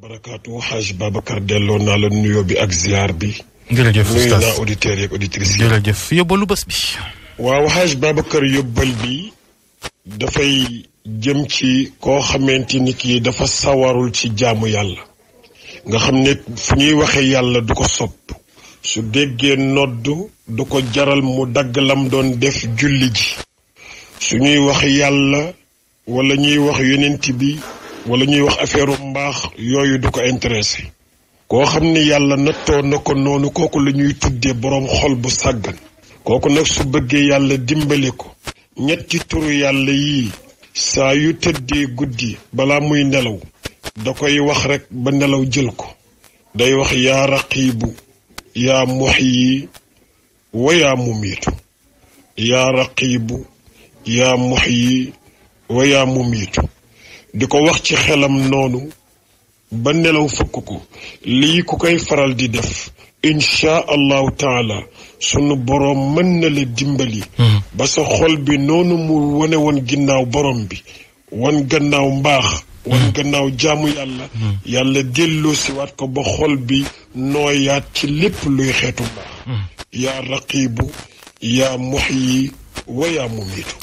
barakaatu xaaj Babacar delloo naa la nuyoo bi ak ziar bi. jërëjëf nuyu auditeurs yeeg auditrices jërëjëf yóbbalu bés bi. waaw xaaj yóbbal bi dafay jëm ci koo xamante nit yi dafa sawarul ci jaamu yàlla. nga xam ne fu ñuy waxee yàlla du ko sopp. su déggee nodd du ko jaral mu dagg lam doon def julli ji. su ñuy wax yàlla wala ñuy wax yonent bi. wala ñuy wax affaire mbaax yooyu du ko intéressé koo xam ni yàlla nattoo na ko noonu kooku la ñuy tuddee boroom xol bu sàggan kooku nag su bëggee yàlla dimbali ko ñetti turu yàlla yii saa yu tëddee guddi bala muy nelaw da koy wax rekk ba nelaw jël ko day wax yaa raqiibu yaa muxyi wa yaa mumiitu yaa raqiibu yaa muxyi wa yaa mumiitu di ko wax ci xelam noonu ba nelaw fëkk ko lii ku koy faral di def incha allahu taala sunu boroom mën na la dimbali. Hmm. ba sa xol bi noonu mu wone woon ginnaaw borom bi wan gannaaw mbaax. wan hmm. gannaaw jaamu yàlla. Hmm. yàlla delloo si waat ko ba xol bi nooyaat ci lépp luy xeetu mbaax. yaa raqiibu yaa muxyi wa yaa mumiitu.